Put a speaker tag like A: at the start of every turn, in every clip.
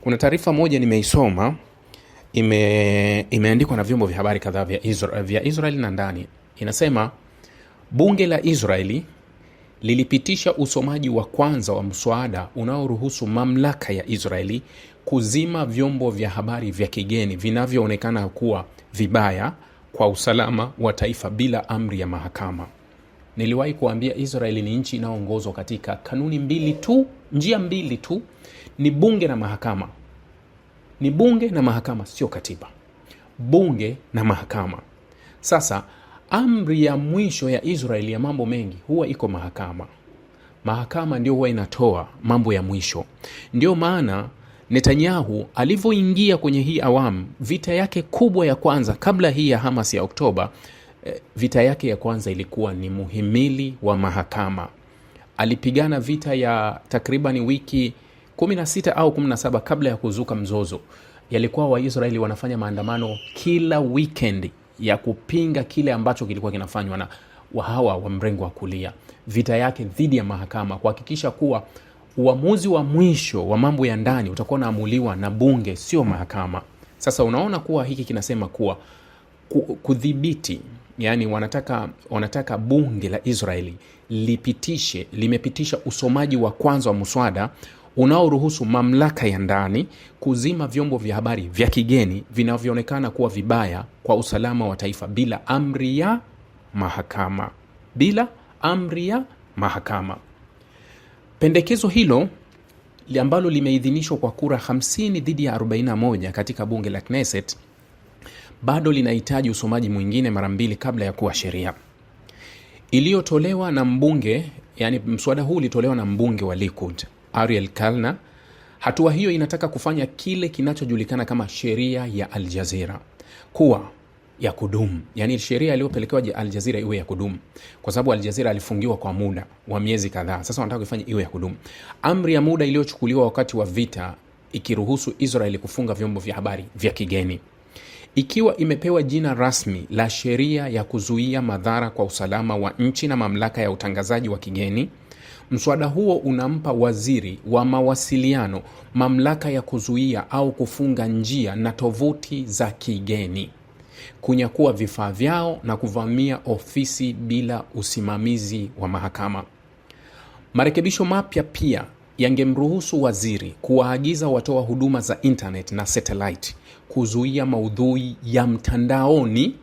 A: Kuna taarifa moja nimeisoma ime, imeandikwa na vyombo vya habari kadhaa vya Israel, vya Israel na ndani inasema bunge la Israeli lilipitisha usomaji wa kwanza wa mswada unaoruhusu mamlaka ya Israeli kuzima vyombo vya habari vya kigeni vinavyoonekana kuwa vibaya kwa usalama wa taifa bila amri ya mahakama. Niliwahi kuambia Israeli ni nchi inayoongozwa katika kanuni mbili tu, njia mbili tu, ni bunge na mahakama. Ni bunge na mahakama, sio katiba. Bunge na mahakama. Sasa amri ya mwisho ya Israeli ya mambo mengi huwa iko mahakama. Mahakama ndio huwa inatoa mambo ya mwisho. Ndio maana Netanyahu alivyoingia kwenye hii awamu, vita yake kubwa ya kwanza kabla hii ya Hamas ya Oktoba Eh, vita yake ya kwanza ilikuwa ni muhimili wa mahakama. Alipigana vita ya takribani wiki 16 au 17 kabla ya kuzuka mzozo. Yalikuwa Waisraeli wanafanya maandamano kila weekend ya kupinga kile ambacho kilikuwa kinafanywa na wahawa wa mrengo wa kulia, vita yake dhidi ya mahakama, kuhakikisha kuwa uamuzi wa mwisho wa mambo ya ndani utakuwa unaamuliwa na bunge, sio mahakama. Sasa unaona kuwa hiki kinasema kuwa kudhibiti yani wanataka, wanataka bunge la Israeli lipitishe, limepitisha usomaji wa kwanza wa muswada unaoruhusu mamlaka ya ndani kuzima vyombo vya habari vya kigeni vinavyoonekana kuwa vibaya kwa usalama wa taifa bila amri ya mahakama, bila amri ya mahakama. Pendekezo hilo ambalo limeidhinishwa kwa kura 50 dhidi ya 41 katika bunge la Knesset bado linahitaji usomaji mwingine mara mbili kabla ya kuwa sheria iliyotolewa na mbunge. Yani, mswada huu ulitolewa na mbunge wa Likud Ariel Kalna. Hatua hiyo inataka kufanya kile kinachojulikana kama sheria ya Aljazira kuwa ya kudumu, yani sheria iliyopelekewa Aljazira iwe ya kudumu, kwa sababu Aljazira alifungiwa kwa muda wa miezi kadhaa. Sasa wanataka kuifanya iwe ya kudumu. Amri ya muda iliyochukuliwa wakati wa vita ikiruhusu Israeli kufunga vyombo vya habari vya kigeni ikiwa imepewa jina rasmi la sheria ya kuzuia madhara kwa usalama wa nchi na mamlaka ya utangazaji wa kigeni. Mswada huo unampa waziri wa mawasiliano mamlaka ya kuzuia au kufunga njia na tovuti za kigeni, kunyakua vifaa vyao na kuvamia ofisi bila usimamizi wa mahakama. Marekebisho mapya pia yangemruhusu waziri kuwaagiza watoa huduma za internet na satellite kuzuia maudhui ya mtandaoni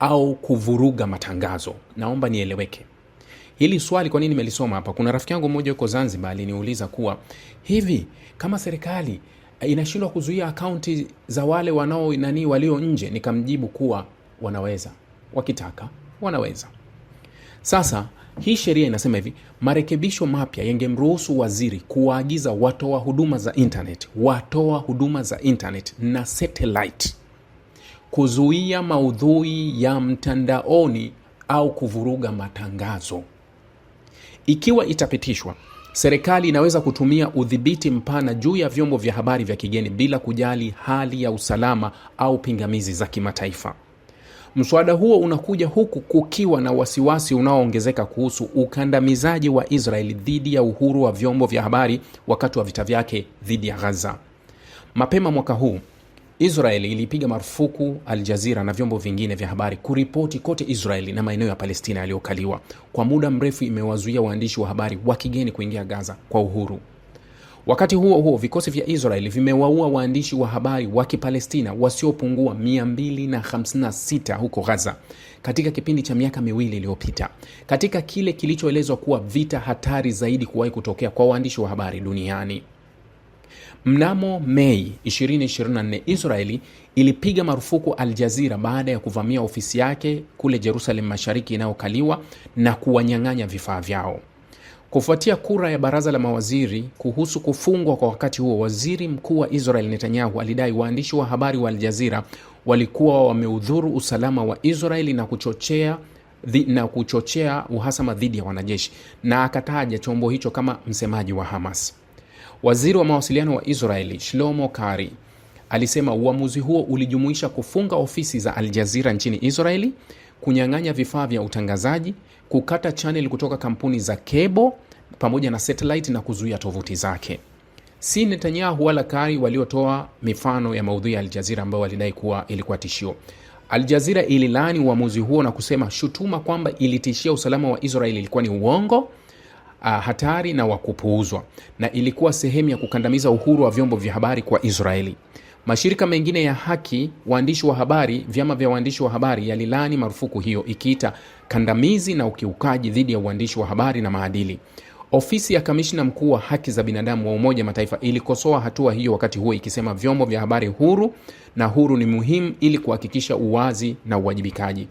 A: au kuvuruga matangazo. Naomba nieleweke hili swali, kwa nini nimelisoma hapa. Kuna rafiki yangu mmoja yuko Zanzibar aliniuliza kuwa hivi kama serikali inashindwa kuzuia akaunti za wale wanao nani walio nje, nikamjibu kuwa wanaweza wakitaka, wanaweza. Sasa hii sheria inasema hivi: marekebisho mapya yangemruhusu waziri kuwaagiza watoa huduma za internet, watoa huduma za internet na satellite kuzuia maudhui ya mtandaoni au kuvuruga matangazo. Ikiwa itapitishwa, serikali inaweza kutumia udhibiti mpana juu ya vyombo vya habari vya kigeni bila kujali hali ya usalama au pingamizi za kimataifa. Mswada huo unakuja huku kukiwa na wasiwasi unaoongezeka kuhusu ukandamizaji wa Israeli dhidi ya uhuru wa vyombo vya habari wakati wa vita vyake dhidi ya Gaza. Mapema mwaka huu Israeli ilipiga marufuku Al Jazira na vyombo vingine vya habari kuripoti kote Israeli na maeneo ya Palestina yaliyokaliwa. Kwa muda mrefu imewazuia waandishi wa habari wa kigeni kuingia Gaza kwa uhuru. Wakati huo huo, vikosi vya Israel vimewaua waandishi wa habari wa Kipalestina wasiopungua 256 huko Gaza katika kipindi cha miaka miwili iliyopita, katika kile kilichoelezwa kuwa vita hatari zaidi kuwahi kutokea kwa waandishi wa habari duniani. Mnamo Mei 2024 Israeli ilipiga marufuku Al Jazira baada ya kuvamia ofisi yake kule Jerusalem Mashariki inayokaliwa na kuwanyang'anya vifaa vyao. Kufuatia kura ya baraza la mawaziri kuhusu kufungwa kwa wakati huo, waziri mkuu wa Israel Netanyahu alidai waandishi wa habari wa Aljazira walikuwa wameudhuru usalama wa Israeli na kuchochea na kuchochea uhasama dhidi ya wanajeshi na akataja chombo hicho kama msemaji wa Hamas. Waziri wa mawasiliano wa Israeli Shlomo Kari alisema uamuzi huo ulijumuisha kufunga ofisi za Aljazira nchini Israeli kunyang'anya vifaa vya utangazaji, kukata chaneli kutoka kampuni za kebo pamoja na satellite na kuzuia tovuti zake. Si Netanyahu wala Kari waliotoa mifano ya maudhui ya Aljazira ambayo walidai kuwa ilikuwa tishio. Aljazira ililaani uamuzi huo na kusema shutuma kwamba ilitishia usalama wa Israeli ilikuwa ni uongo Uh, hatari na wa kupuuzwa na ilikuwa sehemu ya kukandamiza uhuru wa vyombo vya habari kwa Israeli. Mashirika mengine ya haki, waandishi wa habari, vyama vya waandishi wa habari yalilaani marufuku hiyo ikiita kandamizi na ukiukaji dhidi ya uandishi wa habari na maadili. Ofisi ya kamishna mkuu wa haki za binadamu wa Umoja Mataifa ilikosoa hatua hiyo, wakati huo ikisema vyombo vya habari huru na huru ni muhimu ili kuhakikisha uwazi na uwajibikaji.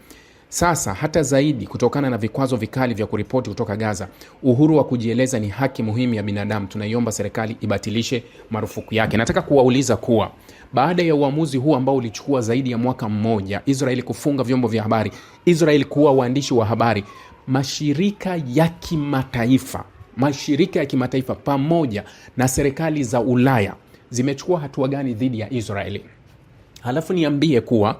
A: Sasa hata zaidi kutokana na vikwazo vikali vya kuripoti kutoka Gaza, uhuru wa kujieleza ni haki muhimu ya binadamu. Tunaiomba serikali ibatilishe marufuku yake. Nataka kuwauliza kuwa baada ya uamuzi huu ambao ulichukua zaidi ya mwaka mmoja, Israeli kufunga vyombo vya habari, Israeli kuua waandishi wa habari, mashirika ya kimataifa mashirika ya kimataifa pamoja na serikali za Ulaya zimechukua hatua gani dhidi ya Israeli? Halafu niambie kuwa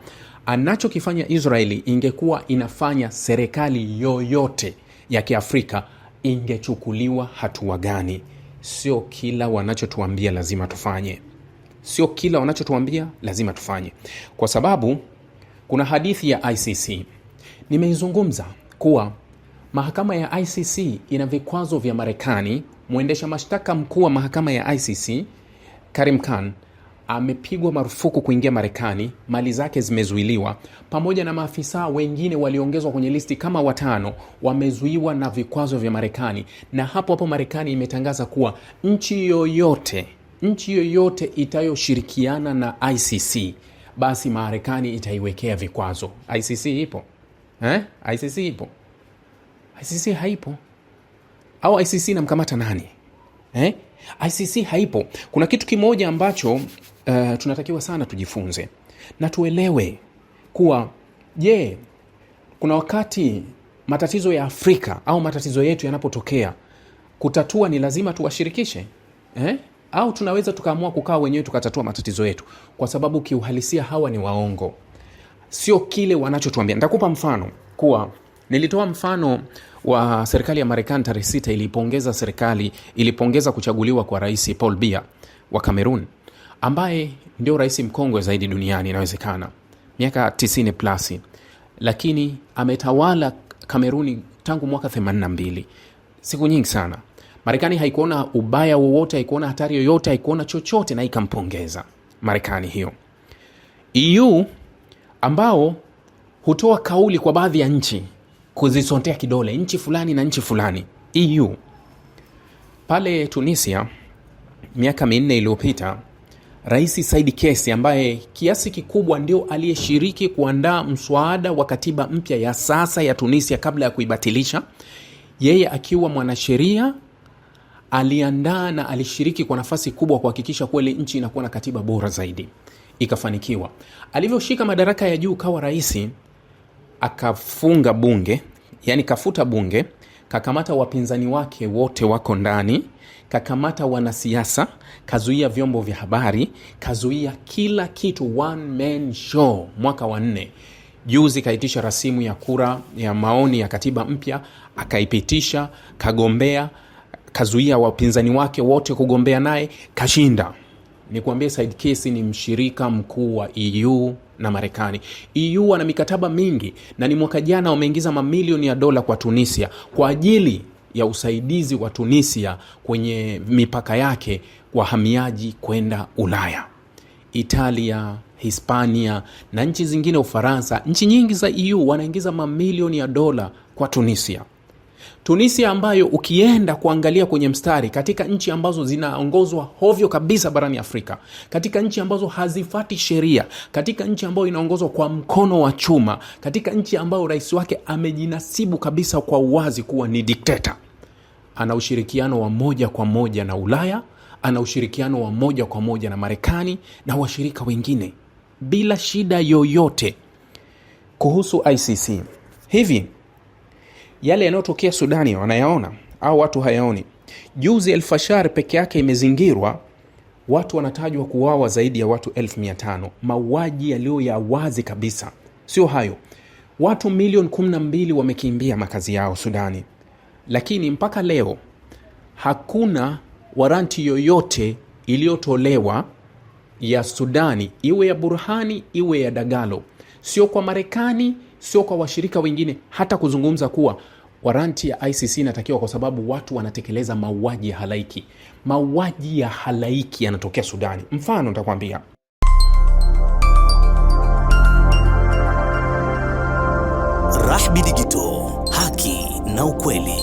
A: Anachokifanya Israeli ingekuwa inafanya serikali yoyote ya Kiafrika ingechukuliwa hatua gani? Sio kila wanachotuambia lazima tufanye, sio kila wanachotuambia lazima tufanye, kwa sababu kuna hadithi ya ICC nimeizungumza kuwa mahakama ya ICC ina vikwazo vya Marekani. Mwendesha mashtaka mkuu wa mahakama ya ICC Karim Khan amepigwa marufuku kuingia Marekani, mali zake zimezuiliwa, pamoja na maafisa wengine walioongezwa kwenye listi kama watano, wamezuiwa na vikwazo vya Marekani. Na hapo hapo Marekani imetangaza kuwa nchi yoyote nchi yoyote itayoshirikiana na ICC basi Marekani itaiwekea vikwazo. ICC ipo eh? ICC ipo? ICC haipo au ICC inamkamata nani eh? ICC haipo. Kuna kitu kimoja ambacho uh, tunatakiwa sana tujifunze na tuelewe kuwa je, kuna wakati matatizo ya Afrika au matatizo yetu yanapotokea kutatua ni lazima tuwashirikishe eh? Au tunaweza tukaamua kukaa wenyewe tukatatua matatizo yetu, kwa sababu kiuhalisia hawa ni waongo, sio kile wanachotuambia. Nitakupa mfano kuwa nilitoa mfano wa serikali ya Marekani tarehe sita ilipongeza serikali ilipongeza kuchaguliwa kwa Rais Paul bia wa Kamerun ambaye ndio rais mkongwe zaidi duniani inawezekana miaka 90 plus lakini ametawala kameruni tangu mwaka 82 siku nyingi sana marekani haikuona ubaya wowote haikuona hatari yoyote haikuona chochote na ikampongeza marekani hiyo eu ambao hutoa kauli kwa baadhi ya nchi kuzisotea kidole nchi fulani na nchi fulani eu pale tunisia miaka minne iliyopita Rais Saidi Kesi ambaye kiasi kikubwa ndio aliyeshiriki kuandaa mswada wa katiba mpya ya sasa ya Tunisia kabla ya kuibatilisha, yeye akiwa mwanasheria aliandaa na alishiriki kwa nafasi kubwa kuhakikisha kweli nchi inakuwa na katiba bora zaidi, ikafanikiwa. Alivyoshika madaraka ya juu kawa rais, akafunga bunge, yani kafuta bunge kakamata wapinzani wake wote wako ndani, kakamata wanasiasa, kazuia vyombo vya habari, kazuia kila kitu, one man show. Mwaka wa nne juzi kaitisha rasimu ya kura ya maoni ya katiba mpya, akaipitisha, kagombea, kazuia wapinzani wake wote kugombea naye, kashinda. Nikuambie, Said Kesi ni mshirika mkuu wa EU na Marekani. EU wana mikataba mingi na ni mwaka jana wameingiza mamilioni ya dola kwa Tunisia kwa ajili ya usaidizi wa Tunisia kwenye mipaka yake wahamiaji kwenda Ulaya. Italia, Hispania na nchi zingine, Ufaransa, nchi nyingi za EU wanaingiza mamilioni ya dola kwa Tunisia. Tunisia ambayo ukienda kuangalia kwenye mstari, katika nchi ambazo zinaongozwa hovyo kabisa barani Afrika, katika nchi ambazo hazifati sheria, katika nchi ambayo inaongozwa kwa mkono wa chuma, katika nchi ambayo rais wake amejinasibu kabisa kwa uwazi kuwa ni dikteta, ana ushirikiano wa moja kwa moja na Ulaya, ana ushirikiano wa moja kwa moja na Marekani na washirika wengine bila shida yoyote. Kuhusu ICC hivi yale yanayotokea Sudani wanayaona au watu hayaoni? Juzi Elfashar peke yake imezingirwa, watu wanatajwa kuwawa zaidi ya watu 5 mauaji yaliyo ya wazi kabisa. Sio hayo, watu milioni 12 wamekimbia makazi yao Sudani, lakini mpaka leo hakuna waranti yoyote iliyotolewa ya Sudani, iwe ya Burhani iwe ya Dagalo, sio kwa Marekani sio kwa washirika wengine, hata kuzungumza kuwa waranti ya ICC inatakiwa kwa sababu watu wanatekeleza mauaji ya halaiki. Mauaji ya halaiki yanatokea Sudani. Mfano nitakwambia Rahby digito haki na ukweli.